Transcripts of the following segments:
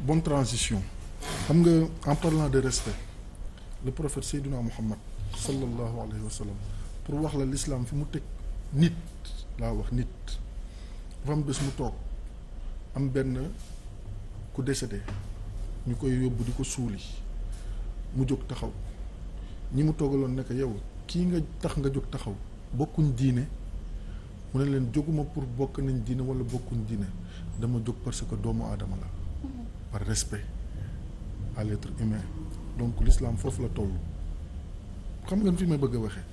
bonne transition xam nga en parlant de respect le prophète Seydina Muhammad sallallahu alayhi wa sallam pour wax la lislaam fi mu teg nit laa wax nit dafa am bés mu toog am benn ku décédé ñu koy yóbbu di ko suuli mu jóg taxaw ñi mu toogaloon ne yow kii nga tax nga jóg taxaw bokkuñ diine mu ne leen jóguma pour bokk nañ diine wala bokkuñ diine dama jóg parce que doomu aadama la par respect à l'être humain donc l'islam foofu la toll xam ngeen fi may bëgg a waxee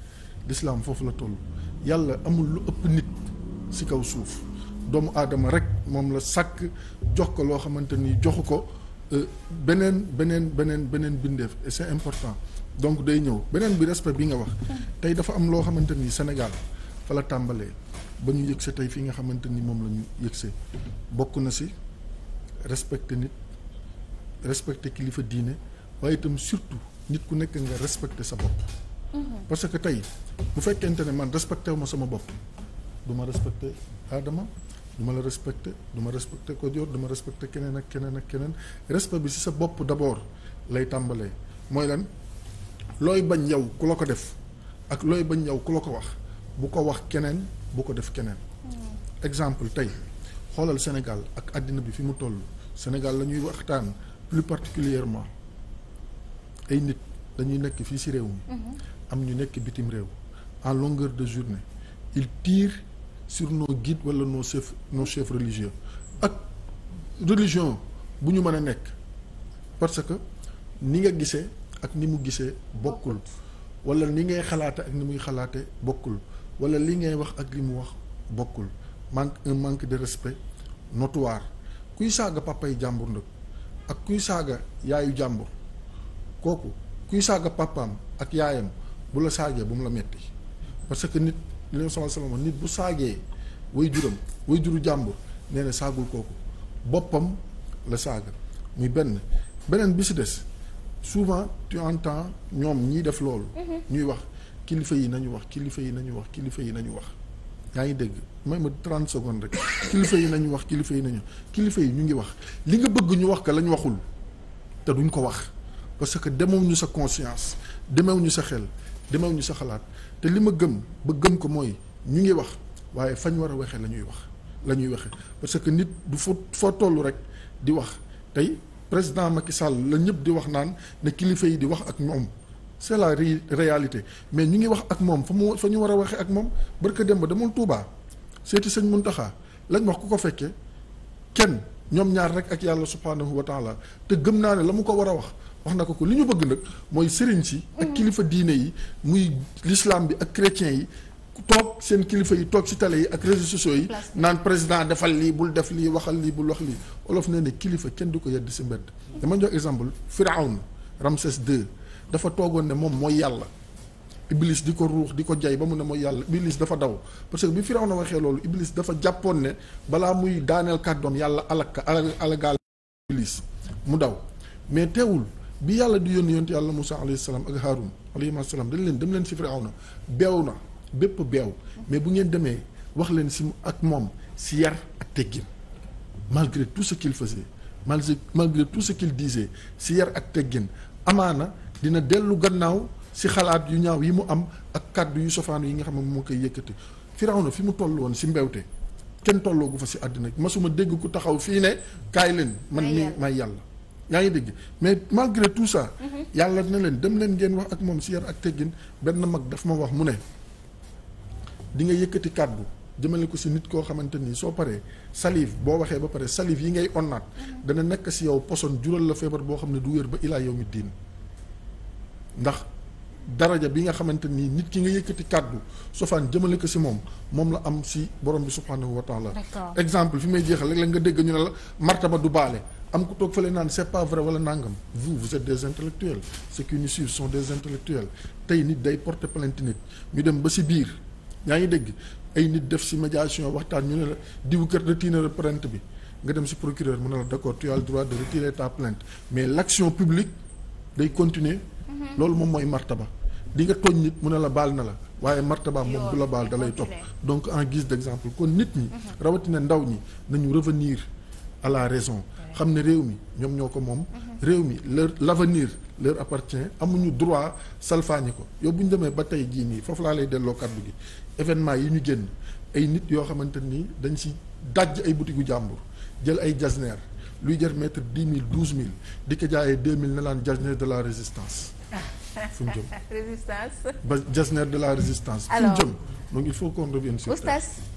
l'islam foofu la toll yàlla amul lu ëpp nit si kaw suuf doomu aadama rek moom la sàkk jox ko loo xamante ni joxu ko euh, beneen beneen beneen beneen bindeef et c'est important donc day ñëw beneen bi respect bi nga wax tey dafa am loo xamante ni Sénégal fa la tàmbalee ba ñu yëgsee tey fii nga xamante ni moom lañu ñu yëgsee bokk na si respecte nit respecter kilifa diine waaye itam surtout nit ku nekk nga respecter sa bopp. Mhm. parce que tey bu fekkente ne man respecté wu ma sama bopp du ma respecté aadama du ma la respecté du ma respecté Kodior du ma respecté keneen ak keneen ak keneen respect bi ci sa bopp d'abord lay tàmbalee mooy lan looy bañ yow ku la ko def ak looy bañ yow ku la ko wax bu ko wax keneen bu ko def keneen. Mhm. exemple tey xoolal Sénégal ak àddina bi fi mu toll Sénégal la ñuy waxtaan. plus particulièrement ay nit dañuy nekk fii ci réew mi mhm. am ñu nekk bitim réew en longueur de journée ils tirent sur nos guides wala nos chefs nos chefs religieux ak religion bu ñu mën a nekk parce que ni nga gisee ak ni mu gisee bokkul wala ni ngay xalaate ak ni muy xalaate bokkul wala li ngay wax ak li mu wax bokkul manque un manque de respect notoire kuy saaga papay jàmbur nag ak kuy saaga yaayu jàmbur kooku kuy saaga papaam ak yaayam bu la saagee bu mu la metti parce que nit li nga soxla sama nit bu saagee way juram way juru jàmbur nee na saagul kooku boppam la saaga muy benn beneen bi ci des souvent tu temps ñoom ñiy def loolu mm-hmm. ñuy wax kilifa yi nañu wax kilifa yi nañu wax kilifa yi nañu wax yaa ngi dégg may ma trent secondes rek kilifa yi nañu wax kilifa yi nañu kilifa yi ñu ngi wax li nga bëgg ñu wax ko la ñu waxul te duñ ko wax parce que demew ñu sa conscience demew ñu sa xel demew ñu sa xalaat te li ma gëm ba gëm ko mooy ñu ngi wax waaye fañ war a waxee la wax la ñuy waxee parce que nit du fa foo toll rek di wax tey président Macky Sall la ñëpp di wax naan ne kilifa yi di wax ak ñoom. c'est la ri réalité mais ñu ngi wax ak moom fa mu fa ñu war a waxee ak moom barka dem ba demul Touba seeti sëñ Muntaxa lañ wax ku ko fekkee kenn ñoom ñaar rek ak yàlla subhanahu wa taala te gëm naa ne la mu ko war a wax wax na ko ko li ñu bëgg nag mooy sëriñ si ak mm. kilifa diine yi muy lislaam bi ak chrétien yi toog seen kilifa yi toog si tale yi ak réseaux sociaux yi naan président defal lii bul def lii waxal lii bul wax lii olof nee ne kilifa kenn du ko yedd si mbedd dama jox exemple Firawna Ramsès II dafa toogoon ne moom mooy yàlla iblis di ko ruux di ko jay ba mu ne mooy yàlla iblis dafa daw parce que bi firaw na waxee loolu iblis dafa jàppoon ne balaa muy daaneel kàddoom yàlla alaka alagaal iblis mu daw mais teewul bi yàlla di yoon yonte yàlla Moussa alayhi salaam ak Haarun alayhi salaam dañ leen dem leen si firaw na beew na bépp beew mais bu ngeen demee wax leen si ak moom si yar ak teggin malgré tout ce qu'il faisait malgré malgré tout ce qu'il disait si yar ak teggin amaana dina dellu gannaaw si xalaat yu ñaaw yi mu am ak kàddu yu sofaanu yi nga xam ne moo koy yëkkati Firawna fi mu toll woon si mbewte kenn tolloo gu fa si àddina masuma dégg ku taxaw fii ne kaay leen man mii may yàlla yaa ngi dégg mais malgré tout ça mm-hmm. yàlla na leen dem leen ngeen wax ak moom si yar ak teggin benn mag daf ma wax mu ne di nga yëkkati kàddu jëmale ko si nit koo xamante ni soo paree salive boo waxee ba pare salive yi ngay onnaat mm-hmm. dana nekk si yow poson jural la feebar boo xam ne du wér ba ilaa yow mi diin ndax daraja bi nga xamante nii nit ki nga yëkkati kàddu sofaan jëmale ko si moom moom la am si borom bi subhanahu wa taala exemple fi may jeexal léeg-léeg nga dégg ñu ne la martaba du baale am ku toog fële naan c'est vrai wala nangam vous vous êtes des intellectuels ceux qui nous suivent sont des intellectuels tey nit day porter plainte nit ñu dem ba si biir yaa ngi dégg ay nit def si médiation waxtaan ñu ne la diw kër retiré na plainte bi nga dem si procureur mu ne la d'accord tu as le droit mais l'action publique day continuer Mhm. loolu moom mooy martaba di nga tooñ nit mu ne la baal na la waaye martaba moom du la baal da lay topp donc en guise d'exemple kon nit ñi mhm. rawatina ndaw ñi nañu revenir à la raison xam ne réew mi ñoom ñoo ko moom mhm. réew mi leur l'avenir leur appartient amuñu droit salfaañi ko yow bu ñu demee ba tey jii nii foofu laa lay delloo kàddu gi événement yi ñu génn ay nit yoo xamante nii dañ si dajj ay butigu jàmbur jël ay jasneer luy jar mètre dix mille douze mille di ko jaayee deux mille ne laan jasneer de la résistance fu mu jëm résistance. ba Jesner de la résistance. alors mu jëm donc il faut qu'on revienne sur. oustaz.